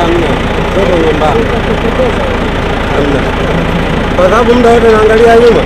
hamna, zote nyembamba, hamna, kwa sababu muda wote naangalia nyuma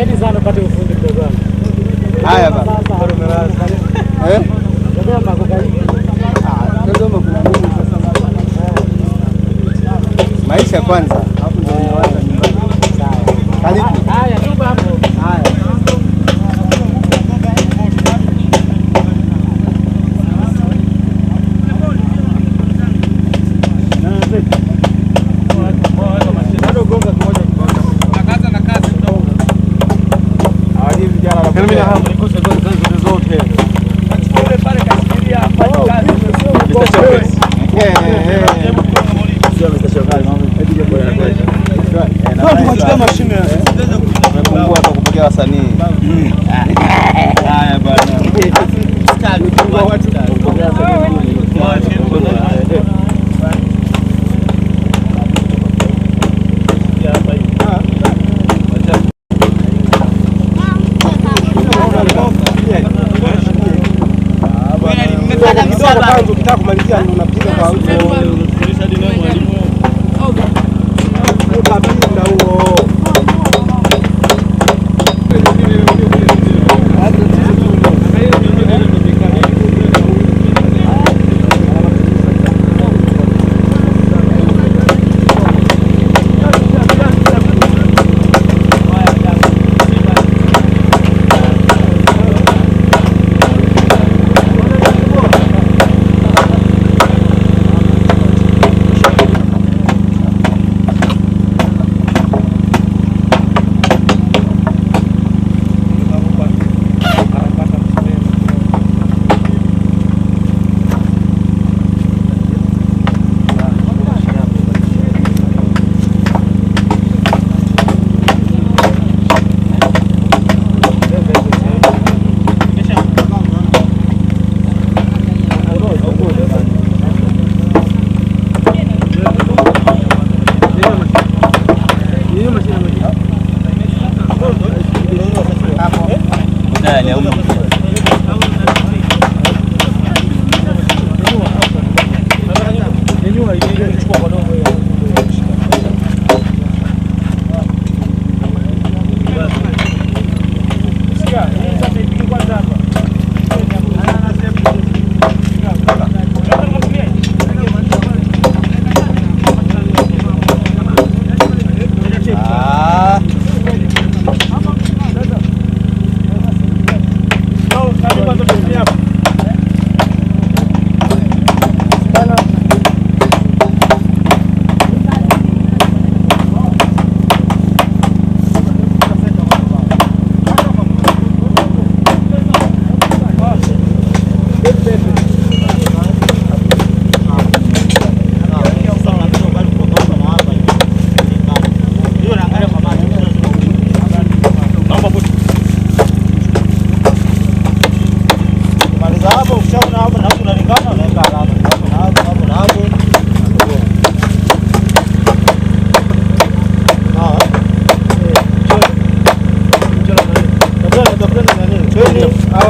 Jitahidi sana upate ufundi mdogo wangu. Haya baba. Eh? Ah, Maisha kwanza. Açıklama şimdi.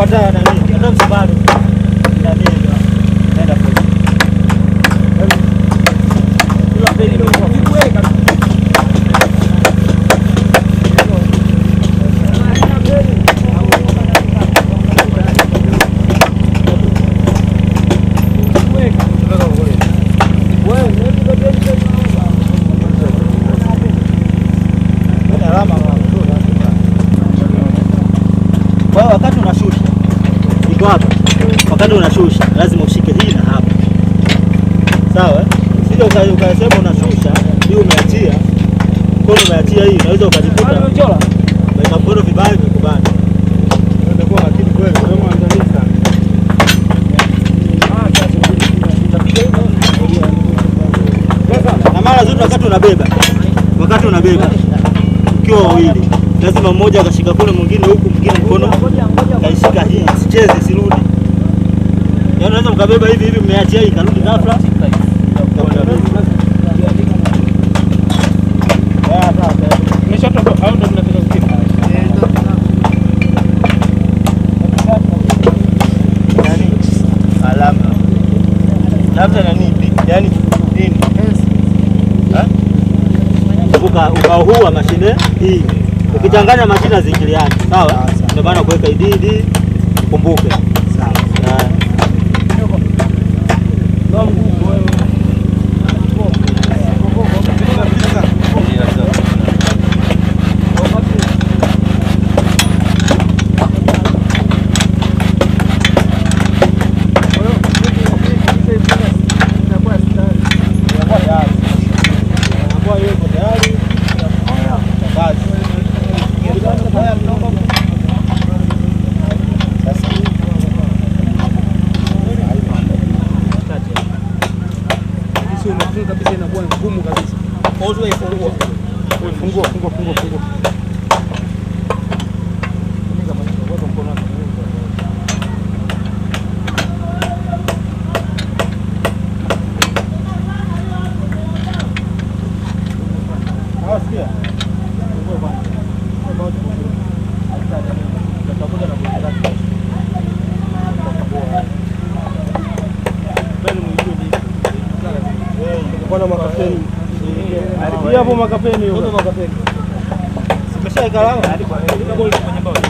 ada ada umeachia mkono umeachia hii, unaweza ukajikuta na mkono vibaya vimekubana. Ah, na mara zote, wakati unabeba wakati unabeba ukiwa wawili, lazima mmoja akashika kule, mwingine huku, mwingine mkono kaishika hii, sicheze sirudi. Yaani unaweza mkabeba hivi hivi, mmeachia hii, karudi ghafla labda nani, yani nini ukao huu wa mashine hii ukichanganya mashine zingiliani, ah, sawa. Ndio maana kuweka ididi, kumbuke. kabisa inakuwa ngumu kabisa. Fungua, fungua, fungua, fungua. makapeni huko. Makapeni. Simesha ikalanga hadi kwa leo.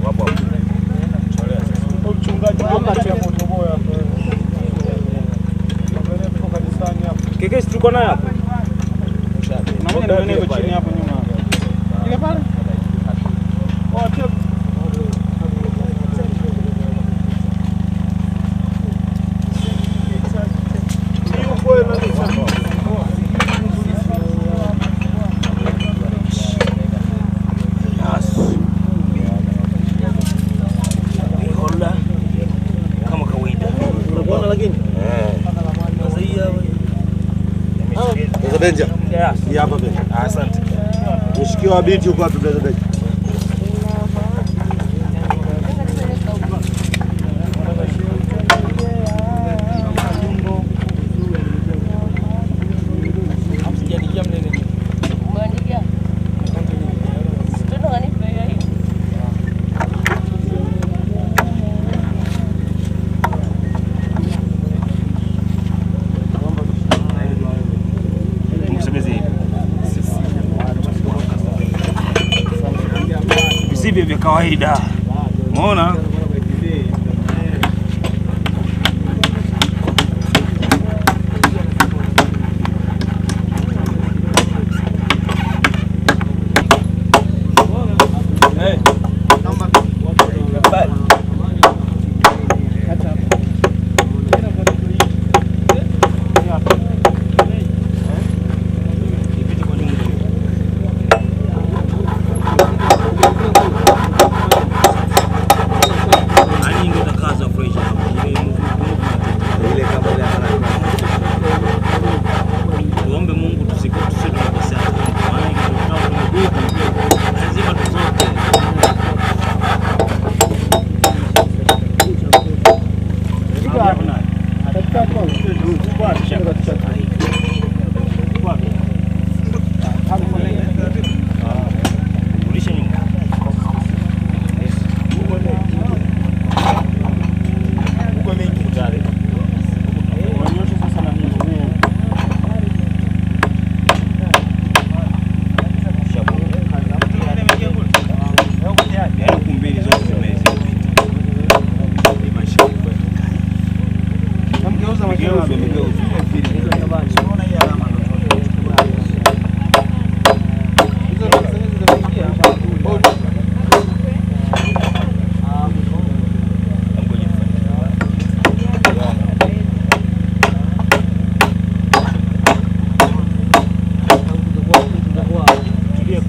Kike, tuko nayo hapo. Unaona nione kwa chini hapo nyuma. Ile pale. Oh, tio. Kama kawaida. Unaona lakini hapa mbele. Asante. Mshikio wa binti huko wapi kawaida, umeona.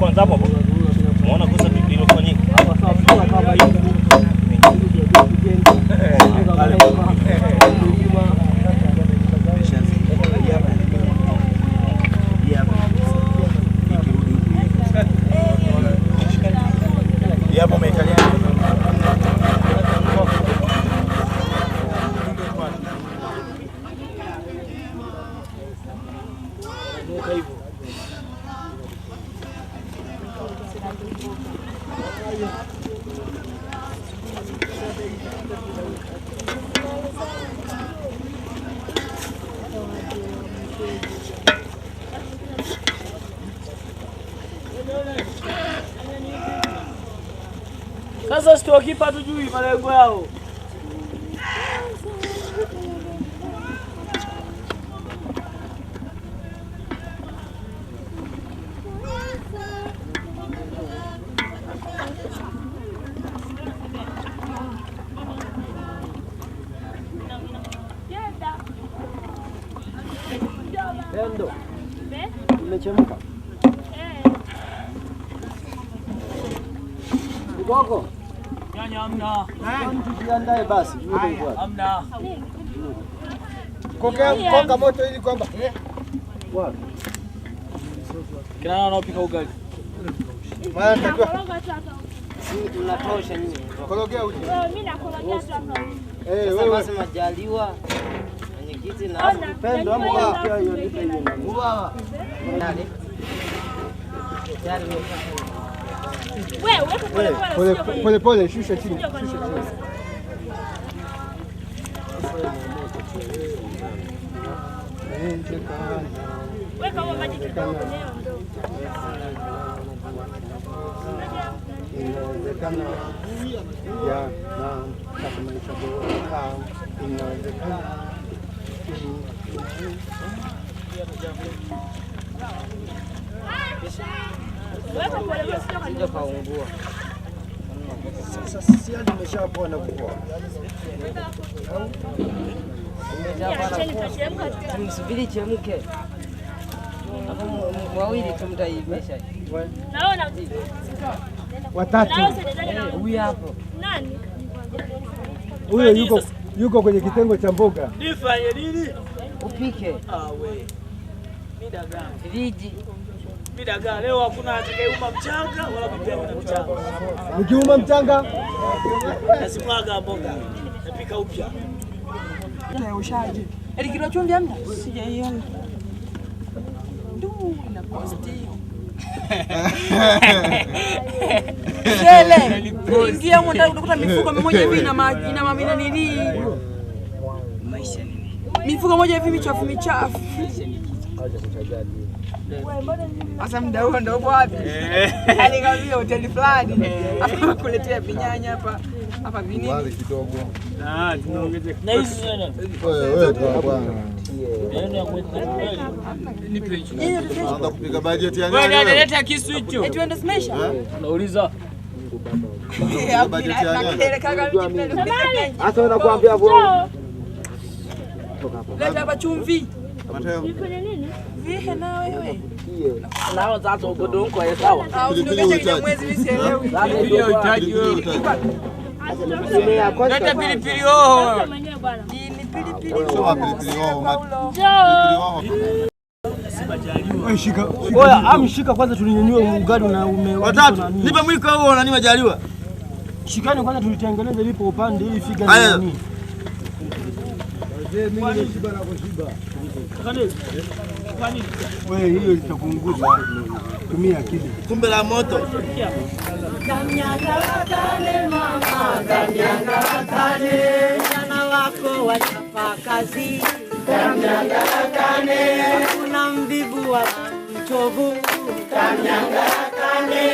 kwanza hapo hapo. Unaona kosa lililofanyika. aqui para o tujui valeu, yao. Yaani Konga yaani moto ili kwamba eh. kina nani ugali? majaliwa. Oh, eh, mwenyekiti na oh, Pole pole shusha chini. Shusha chini. inawezekana ya na maisha bora, inawezekana kaungua sasa, sisi nimeshapona na tumsubiri chemke wawili tu mtaimisha. Naona watatu. Huyu hapo. Nani? Huyo yuko yuko kwenye kitengo cha mboga. Nifanye nini? Upike. Ah we. Viji. Midagaa leo hakuna atakayeuma mchanga wala kupeana mchanga. Nikiuma mchanga nasimwaga mboga. Napika upya. Ushaji. Eli kilo Sijaiona ingia utakuta mifuko mmoja hivi ina nini, mifuko moja hivi michafu michafu. Sasa mda huo ndo wapi? Alikambia hoteli fulani kuletea vinyanya hapa hapa vinini kidogo Analeta kisu hicho. Nauliza. Sasa nakwambia hapo. Leta hapa chumvi. Leta pilipili hoho. Amshika kwanza, tulinyanyua ugali na ume. Watatu, nipe mwiko huo na nimejaliwa. Shikani kwanza, tulitengeneza lipo upande ili fika nini. Wewe hiyo itakunguza, tumia akili. Kumbe la moto wako wachapa kazi, kamnyanga kane, kuna mvivu wa mchovu, kamnyanga kamnyangarakane.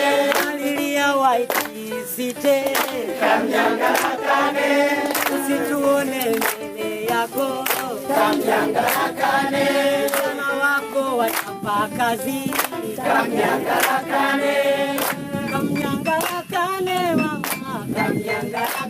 Alilia waitisite, kane, Usituone mbele yako, kamnyanga kane, Wana wako wachapa kazi, kamnyanga kane, kamnyanga kane, mama, kamnyanga kane